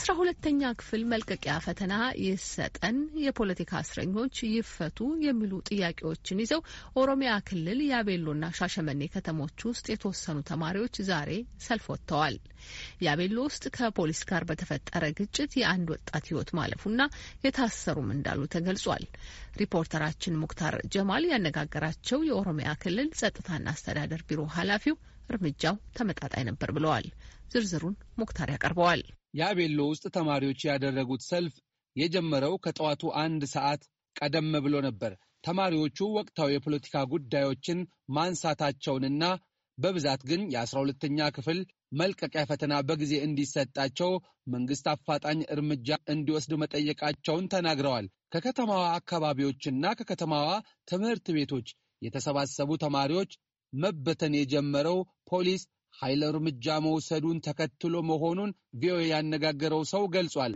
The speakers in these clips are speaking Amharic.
አስራ ሁለተኛ ክፍል መልቀቂያ ፈተና ይሰጠን፣ የፖለቲካ እስረኞች ይፈቱ የሚሉ ጥያቄዎችን ይዘው ኦሮሚያ ክልል የአቤሎና ሻሸመኔ ከተሞች ውስጥ የተወሰኑ ተማሪዎች ዛሬ ሰልፍ ወጥተዋል። የአቤሎ ውስጥ ከፖሊስ ጋር በተፈጠረ ግጭት የአንድ ወጣት ሕይወት ማለፉና የታሰሩም እንዳሉ ተገልጿል። ሪፖርተራችን ሙክታር ጀማል ያነጋገራቸው የኦሮሚያ ክልል ጸጥታና አስተዳደር ቢሮ ኃላፊው እርምጃው ተመጣጣኝ ነበር ብለዋል። ዝርዝሩን ሙክታር ያቀርበዋል። የአቤሎ ውስጥ ተማሪዎች ያደረጉት ሰልፍ የጀመረው ከጠዋቱ አንድ ሰዓት ቀደም ብሎ ነበር። ተማሪዎቹ ወቅታዊ የፖለቲካ ጉዳዮችን ማንሳታቸውንና በብዛት ግን የአስራ ሁለተኛ ክፍል መልቀቂያ ፈተና በጊዜ እንዲሰጣቸው መንግስት አፋጣኝ እርምጃ እንዲወስድ መጠየቃቸውን ተናግረዋል። ከከተማዋ አካባቢዎችና ከከተማዋ ትምህርት ቤቶች የተሰባሰቡ ተማሪዎች መበተን የጀመረው ፖሊስ ኃይል እርምጃ መውሰዱን ተከትሎ መሆኑን ቪኦኤ ያነጋገረው ሰው ገልጿል።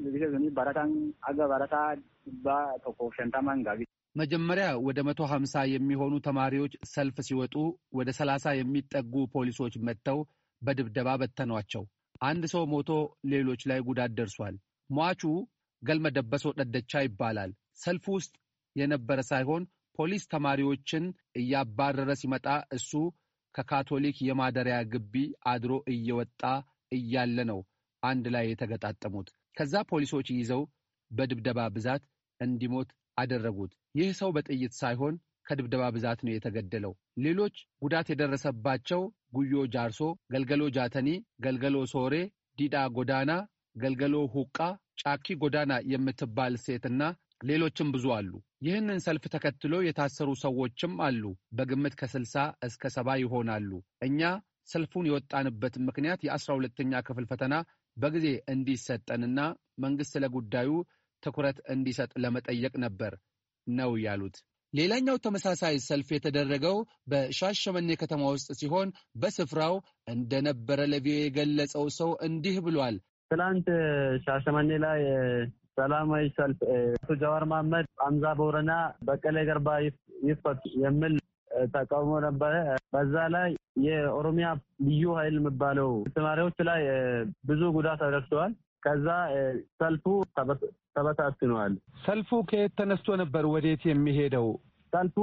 መጀመሪያ ወደ መቶ ሀምሳ የሚሆኑ ተማሪዎች ሰልፍ ሲወጡ ወደ ሰላሳ የሚጠጉ ፖሊሶች መጥተው በድብደባ በተኗቸው። አንድ ሰው ሞቶ ሌሎች ላይ ጉዳት ደርሷል። ሟቹ ገልመ ደበሶ ደደቻ ይባላል። ሰልፍ ውስጥ የነበረ ሳይሆን ፖሊስ ተማሪዎችን እያባረረ ሲመጣ እሱ ከካቶሊክ የማደሪያ ግቢ አድሮ እየወጣ እያለ ነው አንድ ላይ የተገጣጠሙት። ከዛ ፖሊሶች ይዘው በድብደባ ብዛት እንዲሞት አደረጉት። ይህ ሰው በጥይት ሳይሆን ከድብደባ ብዛት ነው የተገደለው። ሌሎች ጉዳት የደረሰባቸው ጉዮ ጃርሶ፣ ገልገሎ ጃተኒ፣ ገልገሎ ሶሬ፣ ዲዳ ጎዳና፣ ገልገሎ ሁቃ፣ ጫኪ ጎዳና የምትባል ሴትና ሌሎችም ብዙ አሉ። ይህንን ሰልፍ ተከትሎ የታሰሩ ሰዎችም አሉ። በግምት ከ60 እስከ ሰባ ይሆናሉ። እኛ ሰልፉን የወጣንበት ምክንያት የአስራ ሁለተኛ ክፍል ፈተና በጊዜ እንዲሰጠንና መንግሥት ለጉዳዩ ትኩረት እንዲሰጥ ለመጠየቅ ነበር ነው ያሉት። ሌላኛው ተመሳሳይ ሰልፍ የተደረገው በሻሸመኔ ከተማ ውስጥ ሲሆን በስፍራው እንደነበረ ለቪኦኤ የገለጸው ሰው እንዲህ ብሏል። ትላንት ሻሸመኔ ላይ ሰላማዊ ሰልፍ አቶ ጀዋር መሀመድ አምዛ ቦረና፣ በቀለ ገርባ ይፈቱ የሚል ተቃውሞ ነበረ። በዛ ላይ የኦሮሚያ ልዩ ኃይል የሚባለው ተማሪዎች ላይ ብዙ ጉዳት አደርሰዋል። ከዛ ሰልፉ ተበታትነዋል። ሰልፉ ከየት ተነስቶ ነበር ወዴት የሚሄደው? ሰልፉ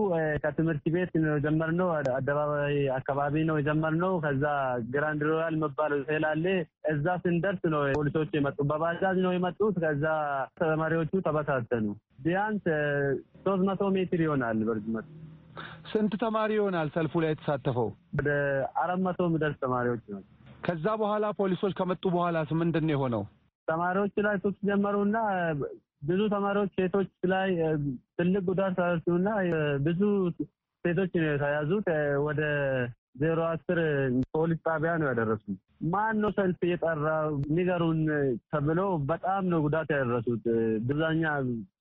ከትምህርት ቤት የጀመርነው አደባባይ አካባቢ ነው የጀመርነው። ከዛ ግራንድ ሮያል መባል ስላለ እዛ ስንደርስ ነው ፖሊሶች የመጡ። በባጃጅ ነው የመጡት። ከዛ ተማሪዎቹ ተበታተኑ። ቢያንስ ሶስት መቶ ሜትር ይሆናል በርዝመት። ስንት ተማሪ ይሆናል ሰልፉ ላይ የተሳተፈው? ወደ አራት መቶ የሚደርስ ተማሪዎች ነው። ከዛ በኋላ ፖሊሶች ከመጡ በኋላ ምንድን ነው የሆነው? ተማሪዎች ላይ ሱስ ጀመሩና ብዙ ተማሪዎች ሴቶች ላይ ትልቅ ጉዳት ሳደርሱና ብዙ ሴቶች ተያዙት ወደ ዜሮ አስር ፖሊስ ጣቢያ ነው ያደረሱ። ማን ነው ሰልፍ እየጠራ ንገሩን ተብሎ በጣም ነው ጉዳት ያደረሱት ብዛኛ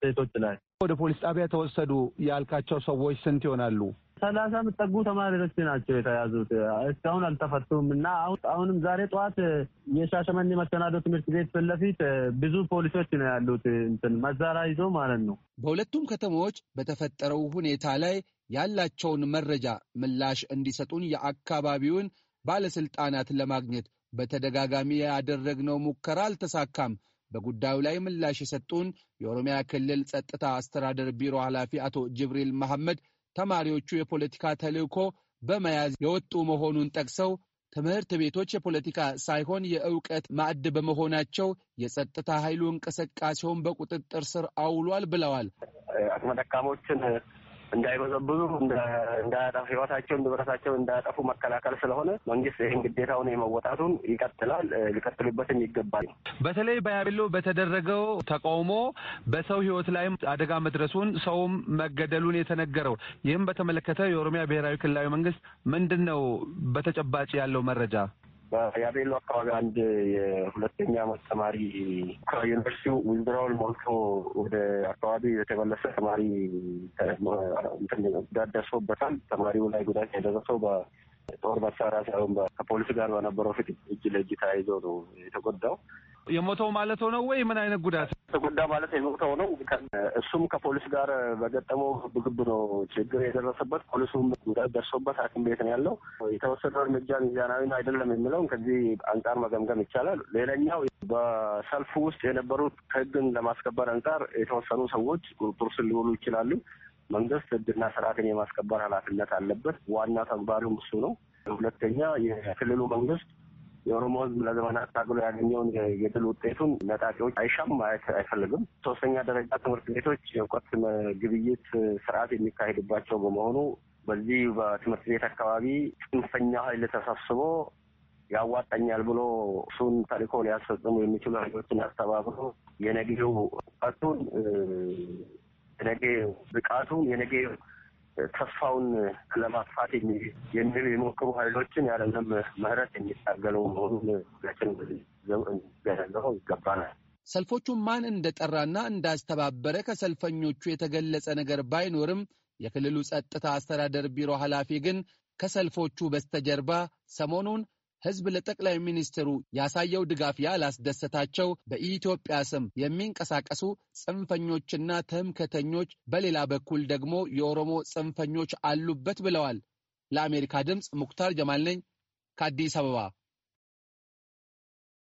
ሴቶች ላይ። ወደ ፖሊስ ጣቢያ ተወሰዱ ያልካቸው ሰዎች ስንት ይሆናሉ? ሰላሳ የምጠጉ ተማሪዎች ናቸው የተያዙት እስካሁን አልተፈቱም። እና አሁንም ዛሬ ጠዋት የሻሸመኔ መሰናዶ ትምህርት ቤት ፊት ለፊት ብዙ ፖሊሶች ነው ያሉት እንትን መዛራ ይዞ ማለት ነው። በሁለቱም ከተሞች በተፈጠረው ሁኔታ ላይ ያላቸውን መረጃ ምላሽ እንዲሰጡን የአካባቢውን ባለስልጣናት ለማግኘት በተደጋጋሚ ያደረግነው ሙከራ አልተሳካም። በጉዳዩ ላይ ምላሽ የሰጡን የኦሮሚያ ክልል ጸጥታ አስተዳደር ቢሮ ኃላፊ አቶ ጅብሪል መሐመድ ተማሪዎቹ የፖለቲካ ተልዕኮ በመያዝ የወጡ መሆኑን ጠቅሰው ትምህርት ቤቶች የፖለቲካ ሳይሆን የእውቀት ማዕድ በመሆናቸው የጸጥታ ኃይሉ እንቅስቃሴውን በቁጥጥር ስር አውሏል ብለዋል። አቅመ ደካሞችን እንዳይበዘብዙ፣ እንዳያጠፉ፣ ህይወታቸውን ንብረታቸውን እንዳያጠፉ መከላከል ስለሆነ መንግስት ይህን ግዴታውን የመወጣቱን ይቀጥላል፣ ሊቀጥሉበትም ይገባል። በተለይ በያቤሎ በተደረገው ተቃውሞ በሰው ህይወት ላይም አደጋ መድረሱን ሰውም መገደሉን የተነገረው ይህም በተመለከተ የኦሮሚያ ብሔራዊ ክልላዊ መንግስት ምንድን ነው በተጨባጭ ያለው መረጃ? በያቤሎ አካባቢ አንድ የሁለተኛ ዓመት ተማሪ ከዩኒቨርሲቲው ዊዝድራውል ሞልቶ ወደ አካባቢው የተመለሰ ተማሪ ጉዳት ደርሶበታል። ተማሪው ላይ ጉዳት የደረሰው በጦር መሳሪያ ሳይሆን ከፖሊስ ጋር በነበረው ፊት እጅ ለእጅ ተያይዞ ነው የተጎዳው። የሞተው ማለት ሆነው ወይ ምን አይነት ጉዳት ተጎዳ ማለት የሞተው ነው። እሱም ከፖሊስ ጋር በገጠመው ግብግብ ነው ችግር የደረሰበት። ፖሊሱም ጉዳት ደርሶበት ሐኪም ቤት ነው ያለው። የተወሰደው እርምጃ ሚዛናዊ አይደለም የሚለውን ከዚህ አንጻር መገምገም ይቻላል። ሌላኛው በሰልፉ ውስጥ የነበሩት ህግን ለማስከበር አንጻር የተወሰኑ ሰዎች ቁጥጥር ስር ሊውሉ ይችላሉ። መንግስት ህግና ስርዓትን የማስከበር ኃላፊነት አለበት። ዋና ተግባሩም እሱ ነው። ሁለተኛ የክልሉ መንግስት የኦሮሞ ህዝብ ለዘመናት ታግሎ ያገኘውን የድል ውጤቱን ነጣቂዎች አይሻም፣ ማየት አይፈልግም። ሶስተኛ ደረጃ ትምህርት ቤቶች የእውቀት ግብይት ስርዓት የሚካሄድባቸው በመሆኑ በዚህ በትምህርት ቤት አካባቢ ጽንፈኛ ኃይል ተሰብስቦ ያዋጣኛል ብሎ እሱን ተልእኮ ሊያስፈጽሙ የሚችሉ ኃይሎችን አስተባብሮ የነገው እውቀቱን የነገ ብቃቱን የነገ ተስፋውን ለማጥፋት የሚሞክሩ ኃይሎችን ያለምንም ምህረት የሚታገለው መሆኑን ሁላችን ይገባናል። ሰልፎቹ ማን እንደጠራና እንዳስተባበረ ከሰልፈኞቹ የተገለጸ ነገር ባይኖርም የክልሉ ጸጥታ አስተዳደር ቢሮ ኃላፊ ግን ከሰልፎቹ በስተጀርባ ሰሞኑን ህዝብ ለጠቅላይ ሚኒስትሩ ያሳየው ድጋፍ ያላስደሰታቸው በኢትዮጵያ ስም የሚንቀሳቀሱ ጽንፈኞችና ተምከተኞች በሌላ በኩል ደግሞ የኦሮሞ ጽንፈኞች አሉበት ብለዋል። ለአሜሪካ ድምፅ ሙክታር ጀማል ነኝ ከአዲስ አበባ።